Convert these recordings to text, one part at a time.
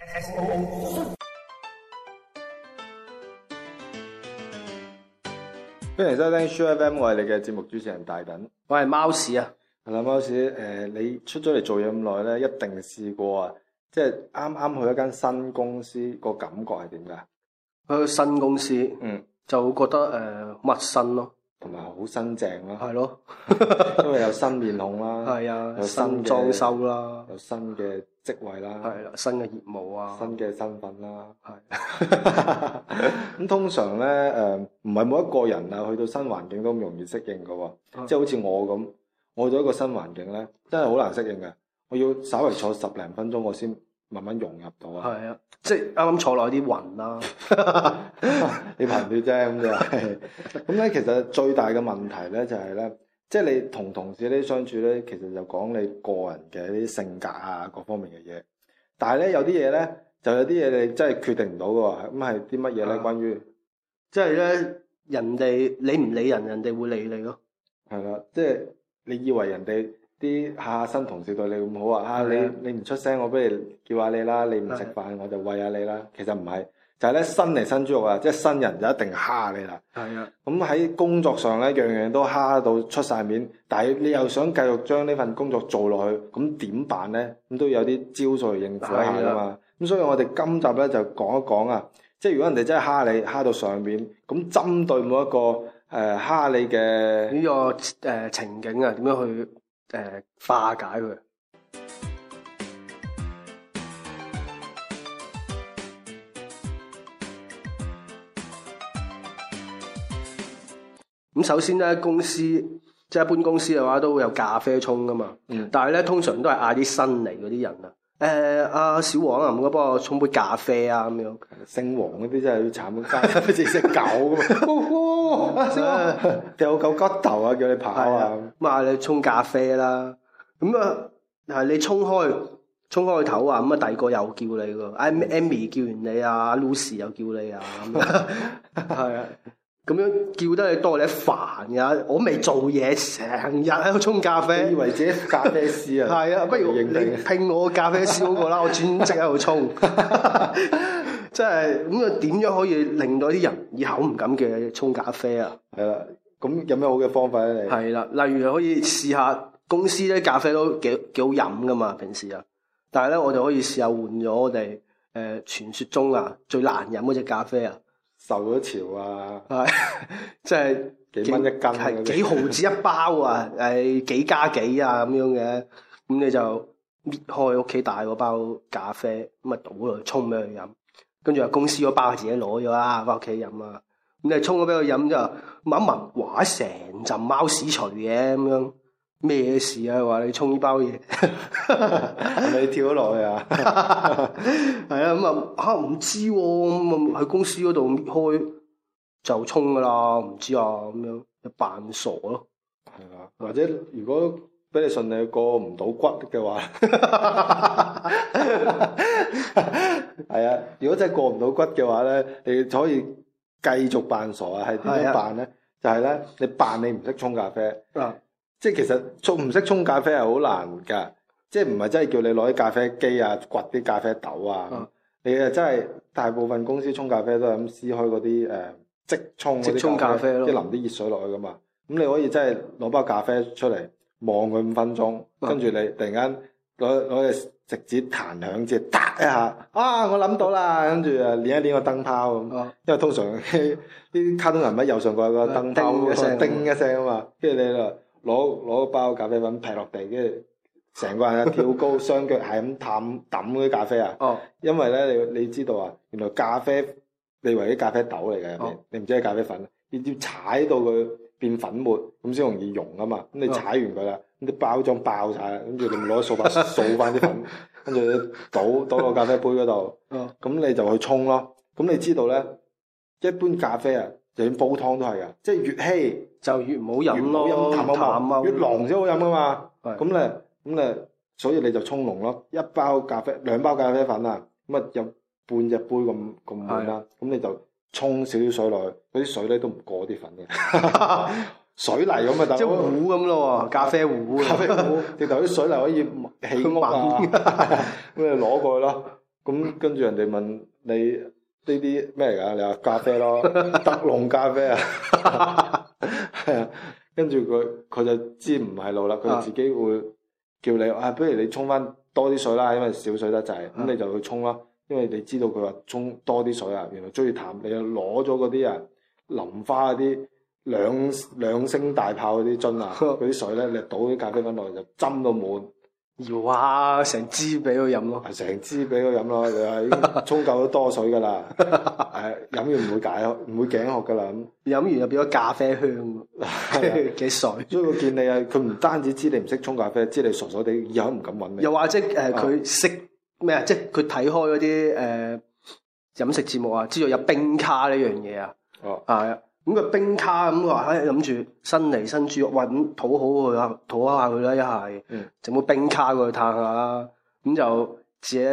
歡迎收聽 SooFM，我係你嘅節目主持人大等，我係貓屎啊，係啦，貓屎誒，你出咗嚟做嘢咁耐咧，一定試過啊，即係啱啱去一間新公司個感覺係點噶？去新公司，那個、公司嗯，就會覺得誒、呃、陌生咯，同埋好新淨咯、啊，係咯對了， 因為有新面孔啦，係啊， 啊有新裝修啦、啊，有新嘅。職位啦，係啦，新嘅業務啊，新嘅身份啦，啊，係。咁通常咧，誒、呃，唔係每一個人啊，去到新環境都咁容易適應噶、啊。係啊。即係好似我咁，我去到一個新環境咧，真係好難適應嘅。我要稍微坐十零分鐘，我先慢慢融入到啊。係啊，即係啱啱坐落有啲暈啦，你貧啲啫咁就係。咁咧，其實最大嘅問題咧就係咧。即係你同同事呢相處呢，其實就講你個人嘅啲性格啊，各方面嘅嘢。但係呢，有啲嘢呢，就有啲嘢你真係決定唔到㗎喎。咁係啲乜嘢呢？關於、啊、即係呢，人哋你唔理人，人哋會理你咯。係啦，即係你以為人哋啲下下新同事對你咁好啊？嚇你你唔出聲，我不如叫下你啦。你唔食飯，我就餵下你啦。的其實唔係。就係咧新嚟新豬肉啊，即係新人就一定蝦你啦。係啊。咁喺工作上咧，樣樣都蝦到出晒面，但係你又想繼續將呢份工作做落去，咁點辦咧？咁都有啲招數去應付下嘛。咁係啊，所以我哋今集咧就講一講啊，即係如果人哋真係蝦你蝦到上面，咁針對每一個誒蝦、呃、你嘅呢、這個誒、呃、情景啊，點樣去誒、呃、化解佢？咁首先咧，公司即係一般公司嘅話都會有咖啡沖噶嘛，但係咧通常都係嗌啲新嚟嗰啲人啊。誒、哎，阿小王啊，唔該，幫我沖杯咖啡啊咁 樣。姓王嗰啲真係要慘，好似隻狗。哇！嘛，掉狗骨頭啊，叫你跑啊。咁啊，啊，嗌，你沖咖啡啦。咁啊，係你沖開沖開頭啊，咁啊，第二個又叫你個。哎 ，Amy 叫完你啊，Lucy 又叫你啊。咁係 啊。咁樣叫得你多，你煩嘅，我未做嘢，成日喺度沖咖啡。以為自己咖啡師啊？係啊，不如聘我咖啡師好過啦，我專職喺度沖。即係咁啊，點樣可以令到啲人以後唔敢叫你沖咖啡啊？係啦，咁有咩好嘅方法咧？你係啦，例如可以試下公司啲咖啡都幾幾好飲噶嘛，平時啊。但係咧，我哋可以試下換咗我哋誒傳説中啊最難飲嗰隻咖啡啊。受咗潮啊！即係 幾蚊幾一斤，啊，係 幾毫紙一包啊！誒，幾加幾啊咁樣嘅，咁、嗯、你就搣開屋企大嗰包咖啡，咁啊倒落去沖俾佢飲，跟住啊公司嗰包自己攞咗啦，翻屋企飲啊，咁啊沖咗俾佢飲之後聞聞，聞一聞掛成陣貓屎除嘅咁樣。咩事啊？話你沖呢包嘢，你 跳落去 啊？係、嗯、啊，咁、嗯、啊，吓唔知喎，喺公司嗰度開就沖噶啦，唔知啊，咁樣就扮傻咯。係啊，或者如果俾你順利過唔到骨嘅話，係 啊，如果真係過唔到骨嘅話咧，你就可以繼續扮傻啊，係點樣扮咧？就係咧，你扮你唔識沖咖啡。 即係其實沖唔識沖咖啡係好難㗎，即係唔係真係叫你攞啲咖啡機啊，掘啲咖啡豆啊。你啊真係大部分公司沖咖啡都係咁撕開嗰啲誒即沖嗰啲咖啡，即淋啲熱水落去㗎嘛。咁你可以真係攞包咖啡出嚟望佢五分鐘，跟住你突然間攞攞隻直接彈響，即係嗒一下啊！我諗到啦，跟住啊點一點個燈泡咁，因為通常啲卡通人物右上角有個燈泡叮一聲啊嘛，跟住你攞攞包咖啡粉劈落地，跟住成個人啊跳高， 雙腳係咁探揼嗰啲咖啡啊！哦，因為咧你你知道啊，原來咖啡你以為啲咖啡豆嚟嘅，哦、你唔知係咖啡粉，你要要踩到佢變粉末，咁先容易溶啊嘛！咁你踩完佢啦，啲、哦、包裝爆曬，跟住你攞掃把掃翻啲粉，跟住 倒倒個咖啡杯嗰度，咁你就去沖咯。咁你，你，你，你，你知道咧，道呢道呢道呢呢道呢一般咖啡啊～點煲湯都係啊，即係越稀就越唔好飲咯，越濃先好飲噶嘛。咁咧，咁咧，所以你就沖濃咯。一包咖啡，兩包咖啡粉啊，咁啊，有半隻杯咁咁滿啦。咁你就沖少少水落去，嗰啲水咧都唔過啲粉嘅，水泥咁啊大佬，即係糊咁咯，咖啡糊，咖啡糊，直頭啲水泥可以起屋啊。咁你攞過去咯，咁跟住人哋問你。呢啲咩嚟噶？你話咖啡咯，特濃 咖啡啊， 跟住佢佢就知唔係路啦，佢自己會叫你，啊，不如你沖翻多啲水啦，因為少水得滯，咁 你就去沖啦，因為你知道佢話沖多啲水啊，原來鍾意淡，你就攞咗嗰啲啊，淋花嗰啲兩兩升大炮嗰啲樽啊，嗰啲 水咧，你倒啲咖啡粉落去就斟到滿。哇！成支俾佢飲咯，成支俾佢飲咯，你沖夠都多水噶啦，係飲、 啊、完唔會解，唔會頸渴噶啦咁。飲完又變咗咖啡香嘅水。所以、 啊、我見你啊，佢唔單止知你唔識沖咖啡，知你傻傻地又唔敢揾你。又話即係佢識咩啊？即係佢睇開嗰啲誒飲食節目啊，知道有冰卡呢樣嘢啊，啊！咁個冰卡咁佢話喺諗住新嚟新豬肉，喂咁討好佢啊，討下佢啦一係，整部冰卡過去嘆下啦。咁就自己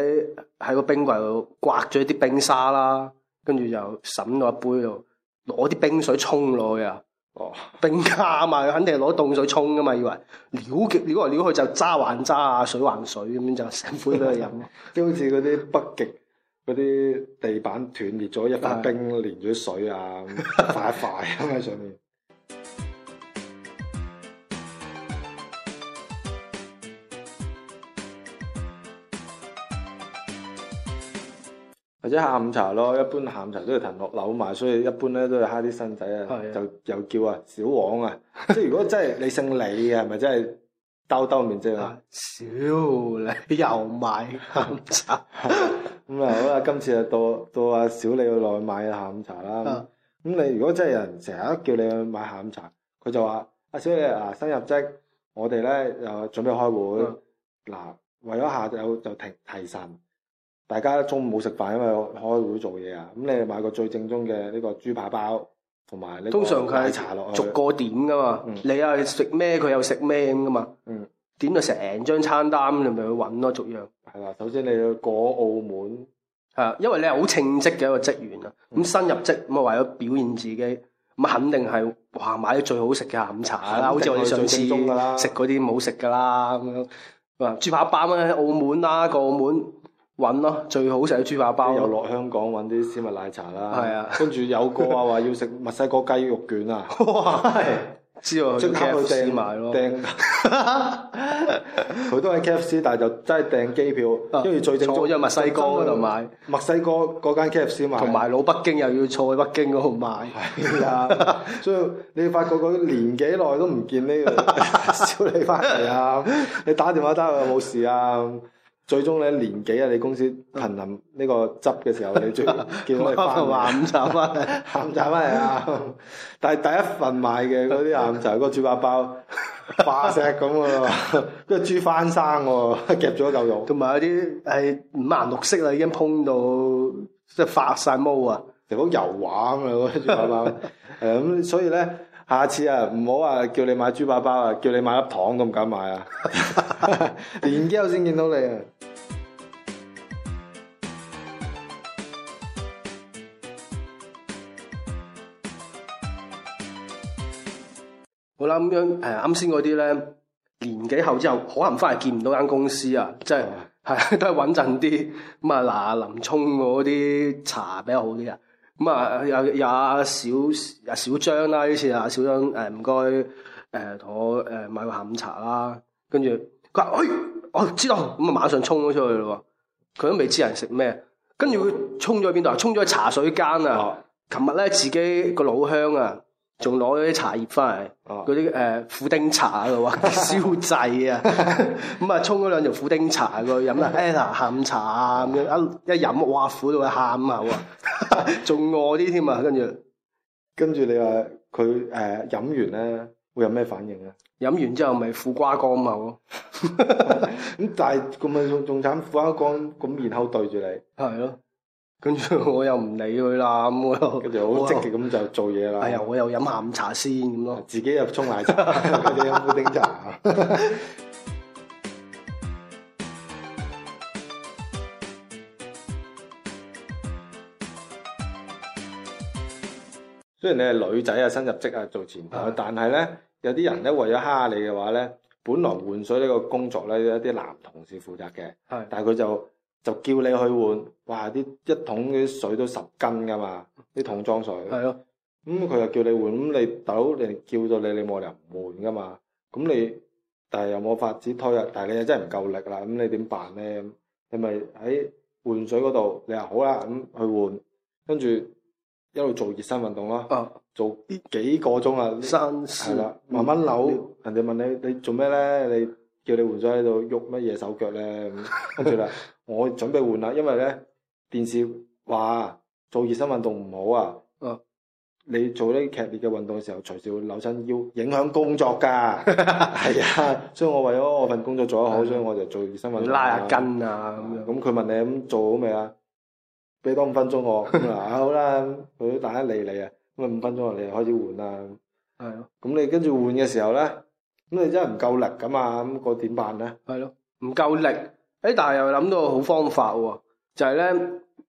喺個冰櫃度刮咗啲冰沙啦，跟住就斟到一杯度攞啲冰水沖落去啊，哦冰卡啊嘛，佢肯定係攞凍水沖噶嘛，以為撩極撩嚟撩去就揸還揸啊，水還水咁樣就成杯俾佢飲，就好似嗰啲北極。嗰啲地板斷裂咗，一塊冰連咗水啊，塊塊喺上面。或者下午茶咯，一般下午茶都係騰落樓埋，所以一般咧都係蝦啲新仔啊，的就又叫啊小王啊，即係 如果真係你姓李啊，咪真係兜兜面啫嘛。小李又買下午茶。 咁啊好啦，今次啊到到阿小李去落去買下午茶啦。咁你、 嗯、如果真係有人成日叫你去買下午茶，佢就話：阿小李啊，新入職，我哋咧又準備開會。嗱，為咗下晝就提提神，大家中午冇食飯，因為開會做嘢啊。咁你買個最正宗嘅呢個豬扒包，同埋呢通常佢係奶茶落去，逐個點噶嘛。嗯、你又係食咩，佢又食咩咁噶嘛。嗯點到成張餐單你咪去揾咯，逐樣。係啦，首先你去過澳門。係啊，因為你係好稱職嘅一個職員啊。咁、嗯、新入職，咁啊為咗表現自己，咁肯定係哇買咗最好食嘅下午茶啦，好似我哋上次食嗰啲冇食噶啦咁樣。哇、嗯，豬扒包咧喺澳門啦，過澳門揾咯最好食嘅豬扒包、嗯。又落香港揾啲絲襪奶茶啦。係啊、嗯。跟住的有個啊話要食墨西哥雞肉卷啊。 知喎，出街即刻去訂埋咯，訂佢都喺 K F C，但係就真係訂機票，跟住最正宗喺墨西哥嗰度買，墨西哥嗰間 K F C 買，同埋老北京又要坐去北京嗰度買，係啊，所以你發覺佢年幾耐都唔見呢個小李翻嚟啊，你打電話打有冇事啊。最終咧年紀啊？你公司瀕臨呢個執嘅時候，你最叫我哋翻去話下午茶翻嚟，下午茶翻嚟啊！但係第一份買嘅嗰啲下午茶，個豬扒包化石咁喎，跟住豬翻生喎，夾咗一嚿肉，同埋有啲係五顏六色啦，已經燙到即係發晒毛啊，成幅油畫咁啊嗰豬扒包，係咁，所以咧。下次啊，唔好話叫你買豬扒包啊，叫你買粒、啊、糖都唔敢買啊！ 年紀後先見到你 啊。好啦，咁樣誒，啱先嗰啲咧年紀後之後，可能翻嚟見唔到間公司啊，真係係都係穩陣啲。咁、嗯、啊，嗱，林沖嗰啲茶比較好啲咁、嗯、啊，有有小有張啦，呢次啊小張誒唔該，誒同我誒、呃、買個下午茶啦，跟住佢話，嘿、哎，我、哎、知道，咁啊馬上衝咗出去咯，佢都未知人食咩，跟住佢衝咗去邊度啊？衝咗去茶水間啊！琴日咧自己個老鄉啊～仲攞咗啲茶葉翻嚟，嗰啲誒苦丁茶嘅喎，消滯啊，咁啊沖咗兩條苦丁茶過去飲啦，哎嗱，下午茶啊，咁樣一，一一飲哇苦到佢喊啊！仲餓啲添啊， 跟住，跟住你話佢誒飲完咧會有咩反應咧？飲完之後咪苦瓜乾啊，咁、嗯、但係咁咪仲仲慘苦瓜乾，咁然後對住你係咯。跟住我又唔理佢啦，咁我跟住好積極咁就做嘢啦。係啊又、哎，我又飲下午茶先咁咯。嗯、樣自己又沖奶茶，佢哋飲布丁茶。雖然你係女仔啊，新入職啊，做前台，是的 但係咧有啲人咧、嗯、為咗蝦你嘅話咧，本來換水呢個工作咧有一啲男同事負責嘅，係，是的 但係佢就。就叫你去換，哇！啲一桶啲水都十斤噶嘛，啲桶裝水。係咯的。咁佢又叫你換，咁你大佬，你叫到你，你冇理由唔換噶嘛。咁你但係又冇法子推啊，但係你又真係唔夠力啦，咁你點辦咧？你咪喺換水嗰度，你話好啦，咁去換，跟住一路做熱身運動咯。啊。做幾個鐘啊？三四。係啦，慢慢扭。人哋問你：你做咩咧？你叫你換咗喺度喐乜嘢手腳咧，跟住啦，我準備換啦，因為咧電視話做熱身運動唔好啊。嗯，你做啲劇烈嘅運動嘅時候，隨時會扭親腰，影響工作㗎。係啊，所以我為咗我份工作做得好，所以我就做熱身運動啦。拉下筋啊，咁樣。咁佢問你咁做好未啊？俾多五分鐘我。咁啊，好啦，佢都第一理你啊。咁啊，五分鐘我哋就開始換啦。係啊。咁你跟住換嘅時候咧？咁你真係唔夠力噶嘛？咁個點辦咧？係咯，唔夠力，誒，但係又諗到個好方法喎，就係咧，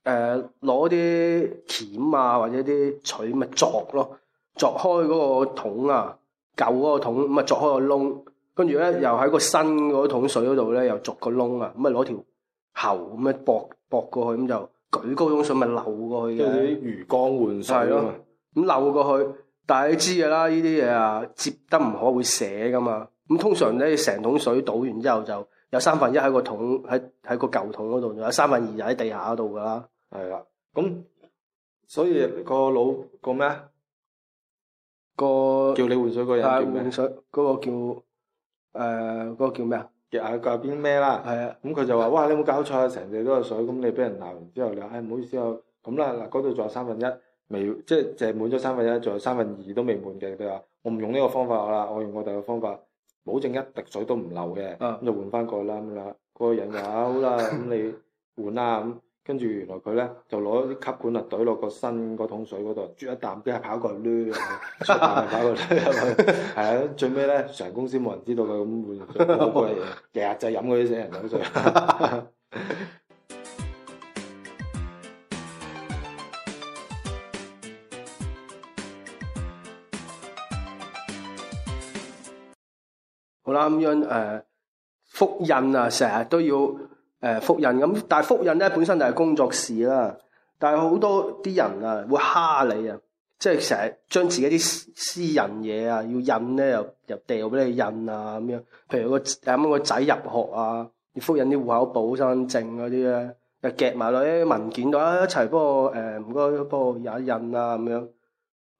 誒，攞啲鉗啊或者啲錘咪鑿咯，鑿開嗰個桶啊，舊嗰個桶，咁啊鑿開個窿，跟住咧又喺個新嗰桶水嗰度咧又鑿個窿啊，咁啊攞條喉咁樣駁駁過去，咁就舉高桶水咪流過去嘅，即係啲魚缸換水啊嘛，咁流過去。但係你知㗎啦，呢啲嘢啊，接得唔可會寫㗎嘛。咁通常咧，成桶水倒完之後，就有三分一喺個桶喺喺個舊桶嗰度，有三分二就喺地下度㗎啦。係啦的，咁那所以、那個老個咩啊？個，個叫你換水嗰人叫咩？啊、水嗰、那個叫誒，嗰、呃那個叫咩啊？夾架邊咩啦？係啊，咁佢的就話，哇，你有冇搞錯啊？成地都係水，咁你俾人鬧完之後你，你、哎、話，唉，唔好意思啊，咁啦，嗱，嗰度仲有三分一。未即係，剩滿咗三分一，仲有三分二都未滿嘅。佢話：我唔用呢個方法啦，我用我第二個方法，保證一滴水都唔漏嘅。咁、嗯、就換翻個啦。咁啦，嗰個人又話：好、嗯、啦，咁你換啦。咁跟住原來佢咧就攞啲吸管啊，懟落個新嗰桶水嗰度，啜一啖，即係跑過去攣，嗯、出跑過去攣。係、嗯、啊，最尾咧，成公司冇人知道佢咁換，好貴日日就飲嗰啲死人飲水。咁樣誒複印啊，成日都要誒複印咁，但係複印咧本身就係工作事啦、啊。但係好多啲人啊，會蝦你啊，即係成日將自己啲私人嘢啊要印咧，又又掉俾你印啊咁樣。譬如個諗個仔入學啊，要複印啲戶口簿、身份證嗰啲咧，又夾埋落啲文件度、啊、一齊幫我誒，唔、呃、該幫我印印啊咁樣。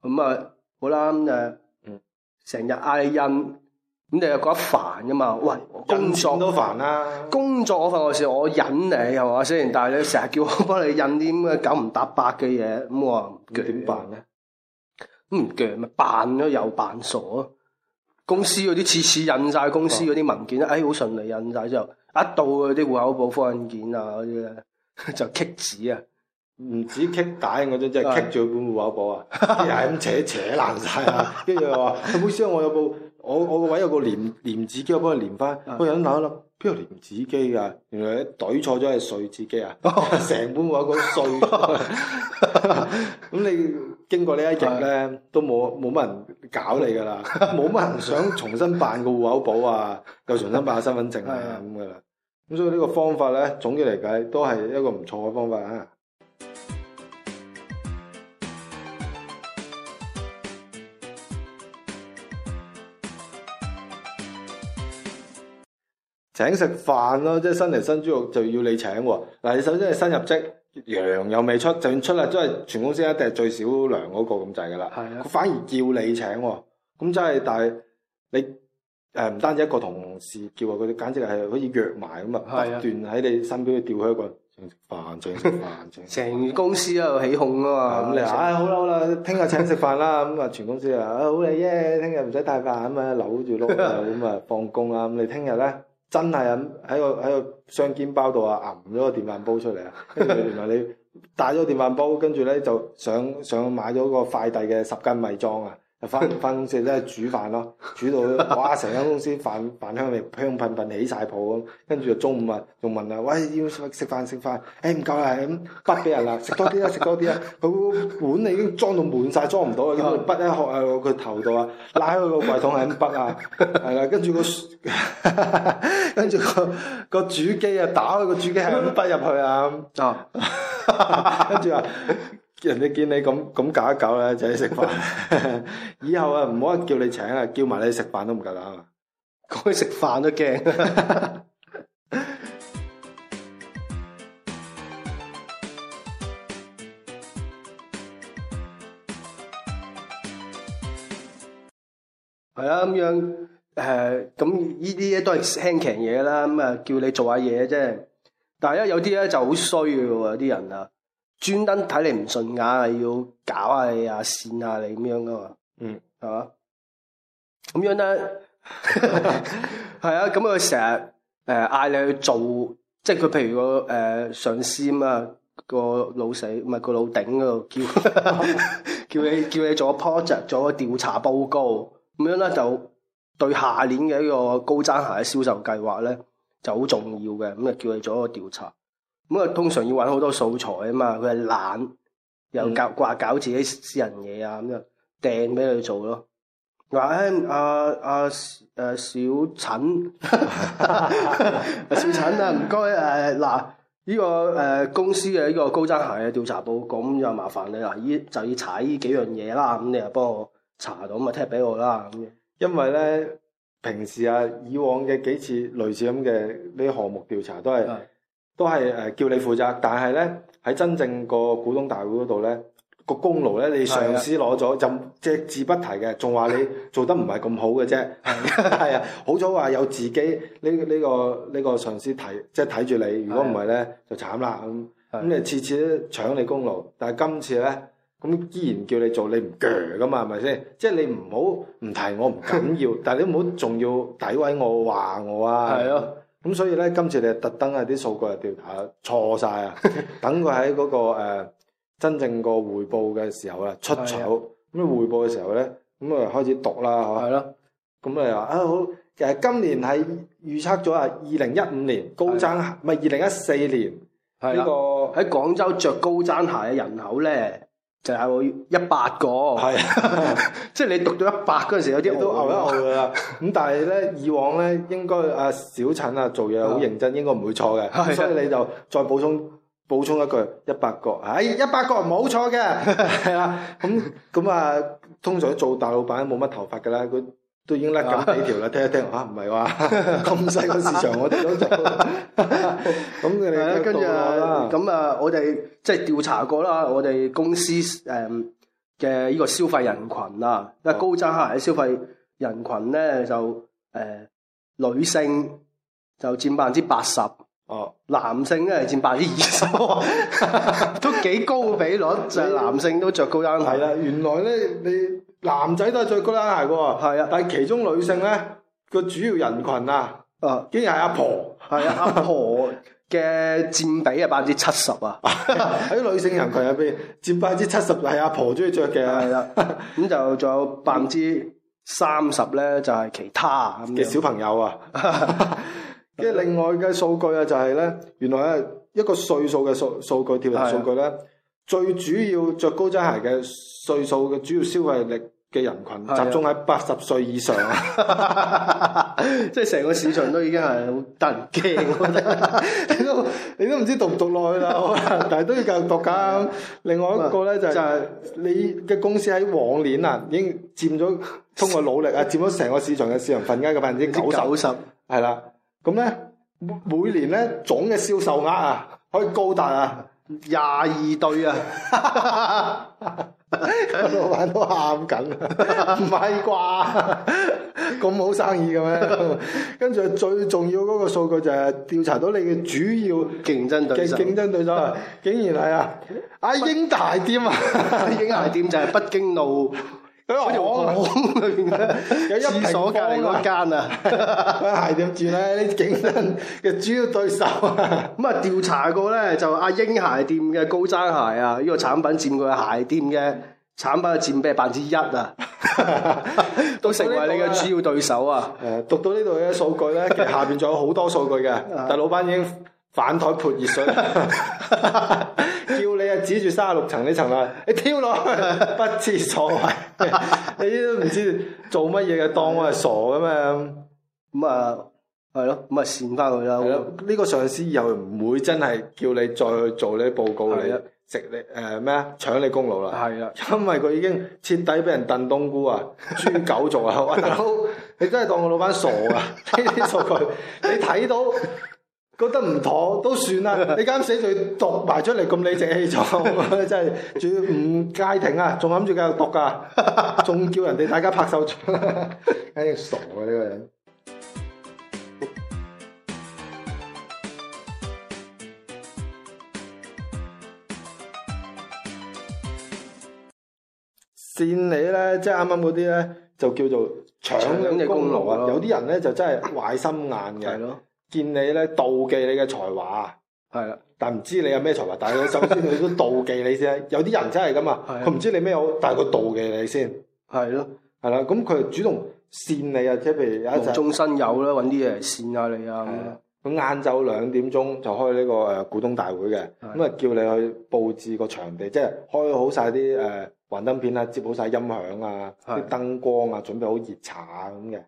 咁啊好啦，咁嗯，成、嗯嗯、日嗌印。咁你又覺得煩噶嘛？喂，工作都煩啦。煩工作嗰份我事我印你係嘛，雖然但係你成日叫我幫你印啲咁嘅九唔搭八嘅嘢，咁我話佢點辦咧？唔鋸咪扮咗又扮傻咯。公司嗰啲次次印晒，公司嗰啲文件咧，好順、啊哎，好順利印晒之後，一到嗰啲戶口簿複印件啊嗰啲咧，就棘紙啊，唔止棘帶，我真係棘住本戶口簿啊，又係咁扯扯爛晒啊，跟住我話唔好意思，爛爛 有有我有部。 我我個位有個連連紙機，我幫佢連翻。我諗一諗，邊度連紙機㗎？原來啲懟錯咗係碎紙機啊！成本話個碎。咁 你經過一呢一日咧，的都冇冇乜人搞你㗎啦，冇乜人想重新辦個戶口簿啊， 又重新辦下身份證啊咁㗎啦。咁 所以呢個方法咧，總之嚟計都係一個唔錯嘅方法啊！請食飯咯，即係新嚟新豬肉就要你請喎。嗱，你首先係新入職，糧又未出，就算出啦，即係全公司一定係最少糧嗰個咁滯噶啦。係啊的。佢反而叫你請，咁即係，但係你誒唔單止一個同事叫啊，佢哋簡直係可以約埋咁啊，的不斷喺你身邊去吊起一根請食飯，請食飯，請。成 公司又起哄啊嘛，咁、 嗯、你話，唉、哎、好啦好啦，聽日請食飯啦，咁啊 全公司啊，好你耶，聽日唔使帶飯咁啊，扭住碌啊，咁啊 放工啊，咁你聽日咧？真係咁喺個喺個雙肩包度啊，揞咗個電飯煲出嚟啊，原來你， 你帶咗個電飯煲，跟住咧就上上買咗個快遞嘅十斤米裝啊。翻翻公司咧煮飯咯，煮到哇成間公司飯飯香味香噴噴起晒泡咁，跟住就中午啊，仲問啊，喂要食飯食飯，誒唔夠啦咁，滗、欸、俾、嗯、人啦，食多啲啦，食多啲啦，佢碗你已經裝到滿晒，裝唔到啊，咁咪滗一殼喺佢頭度啊，拉開、嗯那個櫃桶係咁滗啊，係 啦、那個，跟 住、那個跟住個個主機啊，打開個主機係咁滗入去啊，啊、嗯，跟住啊。人哋見你咁咁搞一搞啦，就係食飯。 嗎以後啊，唔好叫你請啊，叫埋你食飯都唔夠膽啊！講起食飯都驚。係啊，咁樣誒，咁呢啲嘢都係輕騎嘢啦。咁啊，叫你做下嘢啫。但係一有啲咧就好衰嘅喎，啲人啊。 專登睇你唔順眼，要搞下你啊，扇下你咁樣噶嘛？嗯、呃，係嘛？咁樣咧，係啊，咁佢成日誒嗌你去做，即係佢譬如個誒、呃、上司啊，個老死唔係個老頂喺度叫， 叫你叫你做個 project，做個調查報告。咁樣咧就對下年嘅一個高踭鞋銷售計劃咧就好重要嘅。咁啊叫你做一個調查，查。咁啊，通常要揾好多素材啊嘛，佢係懶，又搞掛搞，搞自己私人嘢啊咁就掟俾佢做咯。話、啊、誒，阿阿誒小陳，小陳啊，唔該誒，嗱 呢、啊啊啊這個誒、啊、公司嘅呢、這個高踭鞋嘅調查報告，咁又麻煩你啦，呢就要查呢幾樣嘢啦，咁你又幫我查到咁啊，踢俾我啦咁。因為咧，平時啊，以往嘅幾次類似咁嘅呢項目調查都係。嗯都係誒叫你負責，但係呢，喺真正個股東大會嗰度呢，個功勞呢，你上司攞咗、嗯、就隻字不提嘅，仲話你做得唔係咁好嘅啫，係啊、嗯，好彩話有自己呢呢、呢個呢、呢個呢個上司睇，即係睇住你。如果唔係呢，就慘啦，咁咁你次次都搶你功勞，但係今次呢，咁依然叫你做，你唔鋸噶嘛，係咪先？即係你唔好唔提我唔緊要，嗯、但係你唔好仲要詆毀我話我啊。咁所以咧，今次你特登喺啲數據啊調查錯晒啊，等佢喺嗰個、呃、真正個彙報嘅時候啊出醜。咁彙的報嘅時候咧，咁啊開始讀啦嚇。係咯的。咁啊話啊好，其實今年係預測咗啊，二零一五年高踭鞋唔係二零一四年呢的、呢個喺廣州着高踭鞋嘅人口咧。就係我一百個，係的 即係你讀到一百嗰陣時，有啲都嘔一嘔噶啦。咁 但係咧，以往咧，應該阿小陳啊做嘢好認真，應該唔會錯嘅。的所以你就再補充補充一句，一百個，係一百個冇錯嘅，係啦。咁咁啊，通常做大老闆冇乜頭髮㗎啦，佢。都已經甩咁幾條啦，聽一聽嚇，唔係話咁細個市場，我哋都做。咁你哋跟住咁啊，我哋即係調查過啦，我哋公司誒嘅呢個消費人群啊，因為高踭鞋嘅消費人群咧就誒女性就佔百分之八十，哦，男性咧係佔百分之二十，都幾高比率，就係男性都着高踭鞋啦。原來咧，你。男仔都係着高踭鞋喎，係啊的，但係其中女性咧個主要人群啊， 啊，啊，竟然係阿婆，係阿婆嘅佔比啊百分之七十啊，喺女性人群入邊佔百分之七十就係、是、阿婆中意着嘅，係 啦， 咁就仲有百分之三十咧就係其他嘅小朋友啊，跟 住 另外嘅數據啊就係咧原來咧一個歲數嘅數數據調查數據咧。 最主要着高踭鞋嘅歲數嘅主要消費力嘅人群集中喺八十歲以上，即係成個市場都已經係好得人驚， 你都你都唔知讀唔讀落去啦， 但係都要繼續讀㗎。的另外一個咧就係、是、麼你嘅公司喺往年啊，已經佔咗通過努力啊，佔咗成個市場嘅市場份額嘅百分之九十，係啦。咁咧每每年咧總嘅銷售額啊，可以高達啊！ 廿二對啊！個 老闆都喊緊 是，唔係啩？咁好生意嘅咩？跟 住最重要嗰個數據就係調查到你嘅主要的競爭對手競爭對手 啊！竟然係啊！阿英大店啊！ 英大店就係北京路。喺個網裏邊咧，嗯、一 有廁所隔籬嗰間啊 鞋！鞋店住呢，咧，啲競爭嘅主要對手啊，咁啊調查過呢，就阿英鞋店嘅高踭鞋啊，呢、這個產品佔佢鞋店嘅產品佔比係百分之一啊？ 都成為你嘅主要對手啊！ 讀到呢度嘅數據呢，其實下面仲有好多數據嘅， 但係老闆已經。反台潑熱水， 叫你啊指住三十六層呢層啦，你跳落去！不知所謂，你都唔知做乜嘢嘅，當我係傻咁咩？咁啊、嗯，係、嗯、咯，咁、嗯、啊，扇翻佢啦。呢、嗯嗯嗯嗯、的個上司又唔會真係叫你再去做呢啲報告嚟，食的你誒咩啊？搶、呃、你功勞啦，係啊的，因為佢已經徹底俾人燉冬菇啊，鑽狗做啊，大佬， 你真係當我老闆傻啊？呢啲數據你睇到。覺得唔妥都算啦，你啱寫就讀埋出嚟咁理直氣壯， 真係仲要唔戒停啊！仲諗住繼續讀噶，仲叫人哋大家拍手掌，真 係傻啊！呢、呢個人，先你呢，即係啱啱嗰啲咧，就叫做搶嘅功勞啊！有啲人咧就真係壞心眼嘅。見你咧妒忌你嘅是的 才華，係啦，但唔知你有咩才華。但係首先佢都妒忌你先， 有啲人真係咁啊，佢唔知你咩好，但係佢妒忌你先，係咯是的，係啦，咁佢主動扇你啊，即係譬如有一無中生有啦，揾啲嘢嚟扇下你啊。咁晏晝兩點鐘就開呢個誒股東大會嘅，咁啊是的 叫你去布置個場地，即、就、係、是、開好晒啲誒幻燈片啦，接好晒音響啊，啲燈光啊，準備好熱茶咁嘅。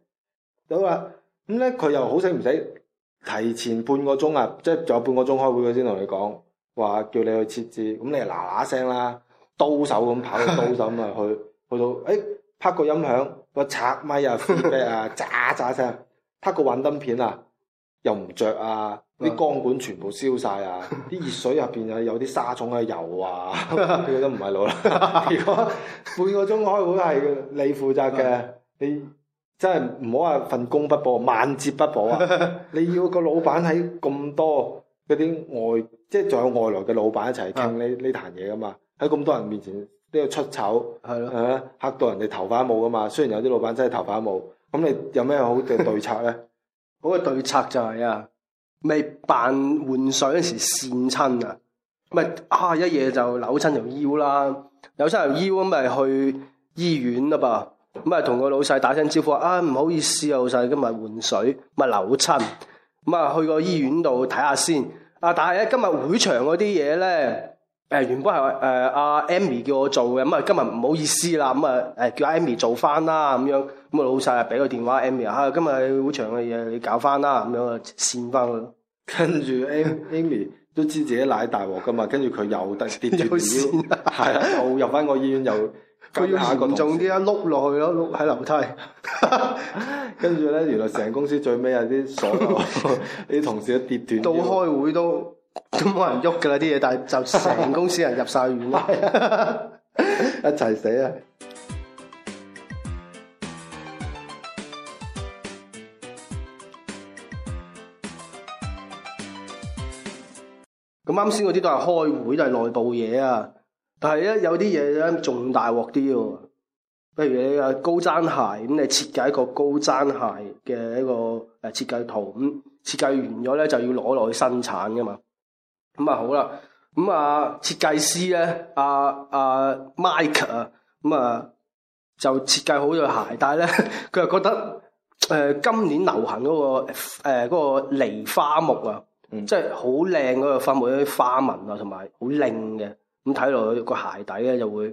到啦，咁咧佢又好使唔使？提前半個鐘啊，即係仲有半個鐘開會，佢先同你講話叫你去設置，咁你嗱嗱聲啦，刀手咁跑刀手咁啊去去到，哎、欸，拍個音響個拆咪啊、耳麥啊喳喳聲，拍個幻燈片啊又唔着啊，啲光管全部燒晒啊，啲熱水入邊啊有啲沙蟲啊油啊，佢都唔係路啦。如果半個鐘開會係你負責嘅，你。真係唔好話份工不保，萬劫不保啊！ 你要個老闆喺咁多嗰啲外，即係仲有外來嘅老闆一齊傾呢呢壇嘢㗎嘛？喺咁多人面前都要、這個、出醜，係咯、 啊，嚇到人哋頭髮冇㗎嘛？雖然有啲老闆真係頭髮冇，咁你有咩好嘅對策咧？好嘅 對策就係、是、啊，未扮幻想嗰時跣親啊，咪啊一嘢就扭親條腰啦，扭親條腰咁咪去醫院啊。噃。咁啊，同個老細打聲招呼啊，唔好意思啊，老細今日換水，咪扭親，咁啊去個醫院度睇下先。啊，但係咧今日會場嗰啲嘢咧，誒原本係誒阿 Amy 叫我做嘅，咁啊今日唔好意思、嗯、啦，咁啊誒叫 Amy 做翻啦，咁樣咁啊老細啊俾個電話 Amy 啊，今日會場嘅嘢你搞翻啦，咁樣啊，閃翻佢。跟住 Amy 都知自己賴大鑊噶嘛，跟住佢又跌跌住表，係啊 了， 又入翻個醫院又。佢要行重啲，下一碌落去咯，碌喺樓梯。 跟住呢，原來成公司最尾有啲傻佬，啲 同事都跌斷。到開會都都冇人喐噶啦啲嘢，但係就成公司人入晒院啦， 一齊死啊！咁啱先嗰啲都係開會，都係內部嘢啊。但係咧，有啲嘢咧仲大鑊啲喎，不如你啊高踭鞋咁，你設計一個高踭鞋嘅一個誒設計圖，咁設計完咗咧就要攞落去生產噶嘛。咁啊好啦，咁啊設計師咧，阿阿 Mike 啊，咁啊，啊，啊就設計好咗個鞋，但係咧佢又覺得誒、呃、今年流行嗰、那個誒、呃那個、梨花木啊，嗯、即係好靚嗰個花木啲花紋啊，同埋好靚嘅。咁睇落去個鞋底咧就會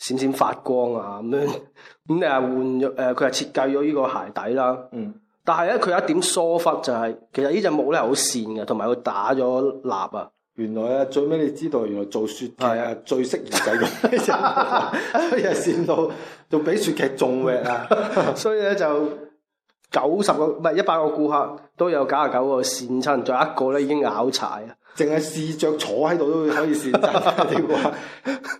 閃閃發光啊咁樣，咁你話換咗誒佢係設計咗呢個鞋底啦。嗯。但係咧，佢有一點疏忽就係、是，其實呢隻木咧好跣嘅，同埋佢打咗蠟啊。原來啊，最尾你知道，原來做雪劇啊最識設計嘅，又跣 到，仲比雪劇仲叻啊！ 所以咧就九十個唔係一百個顧客都有九十九個跣親，仲有一個咧已經拗柴。啊！淨係試着坐喺度都可以試，真啲喎！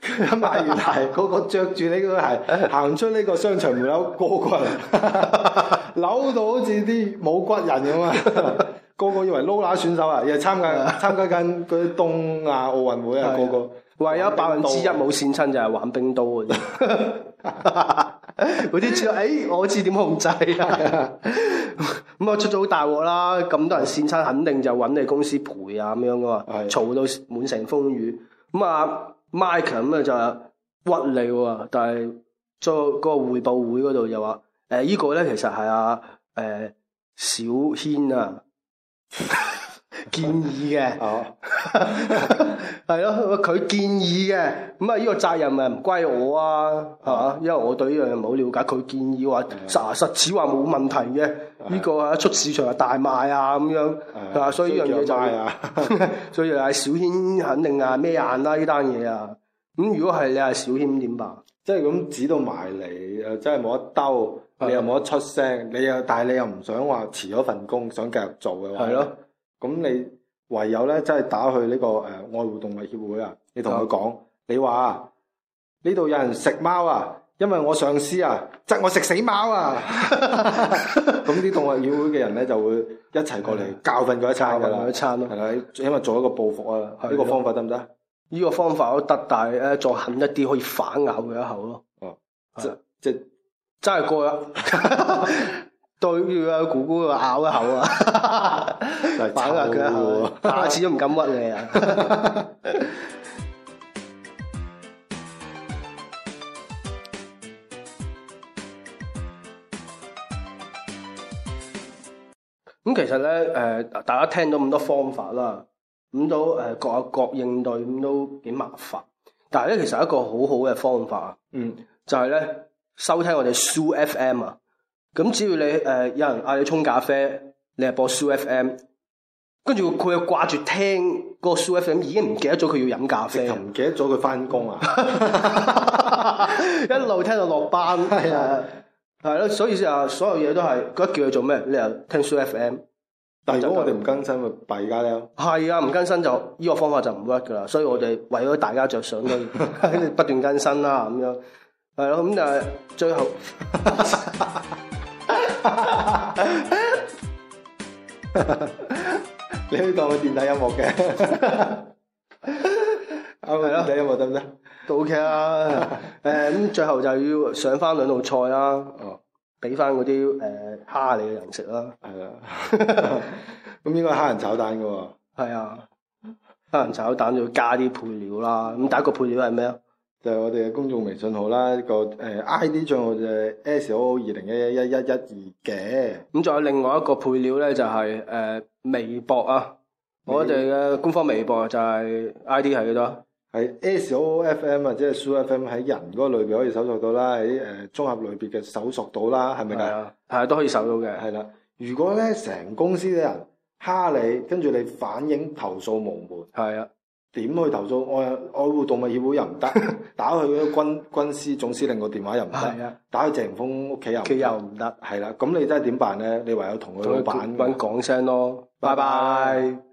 佢一買完鞋，個個著住呢個鞋行出呢個商場門口，過過嚟， 扭到好似啲冇骨人咁啊！ 個個以為撈拿選手啊，又參加參加緊啲東亞奧運會啊， 個個唯有百分之一冇跣親就係玩冰刀啊！ 嗰啲知，誒、 哎、我知點控制啊！咁 啊、嗯、出咗好大鑊啦，咁多人線差，肯定就揾你公司賠啊咁樣噶喎，嘈的到滿城風雨。咁、嗯、啊 Mike 咁咧就屈你喎，但係做個匯報會嗰度又話，誒、呃、依、這個咧其實係啊，誒、呃、小軒啊。 建議嘅，係咯，佢建議嘅，咁啊呢個責任咪唔歸我啊，吓，因為我對呢樣嘢冇了解。佢建議話實實似話冇問題嘅，呢個啊出市場啊大賣啊咁樣，啊，所以呢樣嘢就，啊。所以啊小軒肯定啊咩眼啦呢單嘢啊。咁如果係你係小軒點辦？即係咁指到埋嚟，誒，真係冇得兜，你又冇得出聲，你又但係你又唔想話辭咗份工，想繼續做嘅話。咁你唯有咧，真係打去呢、這個誒、呃、愛護動物協會啊，你同佢講，的你話呢度有人食貓啊，因為我上司啊，窒我食死貓啊，咁啲動物協會嘅人咧就會一齊過嚟教訓佢一餐噶啦，一餐咯，係咪？因為做一個報復啊，呢的個方法得唔得？呢個方法都得，大，係再狠一啲，可以反咬佢一口咯。哦，即即再過。的的 對阿姑姑啊，古古咬一口啊，反咬佢一口，下次都唔敢屈你啊。 咁 其實咧，誒，大家聽到咁多方法啦，咁都誒各有各應對，咁都幾麻煩。但係咧，其實一個好好嘅方法，嗯，就係、是、咧收聽我哋 Soo、嗯 嗯、FM 啊。咁只要你誒、呃、有人嗌你沖咖啡，你係播 Soo FM，跟住佢又掛住聽個 Soo FM，已經唔記得咗佢要飲咖啡，就唔記得咗佢翻工啊，一路聽到落班，係啊，係咯、啊啊，所以啊，所有嘢都係，佢叫你做咩，你又聽 Soo FM。但如果我哋唔更新咪弊㗎咧。係啊，唔更新就呢、啊這個方法就唔 work 噶啦，所以我哋為咗大家着想咯，不斷更新啦咁樣，係咯，咁就係最後。 你可以當個電台音樂嘅，啱咪咯？電台音樂得唔得？都 OK 啦。誒，咁最後就要上翻兩道菜啦。哦，俾翻嗰啲誒蝦你嘅人食啦。係啊吧。咁 應該蝦人炒蛋噶喎。係啊，蝦人炒蛋要加啲配料啦。咁、嗯、第一個配料係咩啊？就係我哋嘅公眾微信號啦，呢、那個誒 I D 賬號就係、SO、S O 二零一一一一一二嘅。咁仲有另外一個配料咧，就係、是、誒、呃、微博啊，我哋嘅官方微博就係 I D 係幾多？係 S O、SO、F M 或者係 s 蘇 F M 喺人嗰類別可以搜索到啦，喺誒綜合類別嘅搜索到啦，係咪噶？係、啊啊、都可以搜到嘅，係啦、啊。如果咧成公司嘅人蝦你，跟住你反映投訴無門，係啊。點去投訴？愛愛護動物協會又唔得， 打去軍軍師總司令個電話又唔得，的打去謝霆鋒屋企又佢又唔得，係啦的。咁、嗯、你真係點辦咧？你唯有同佢他老闆講聲咯，拜拜。拜拜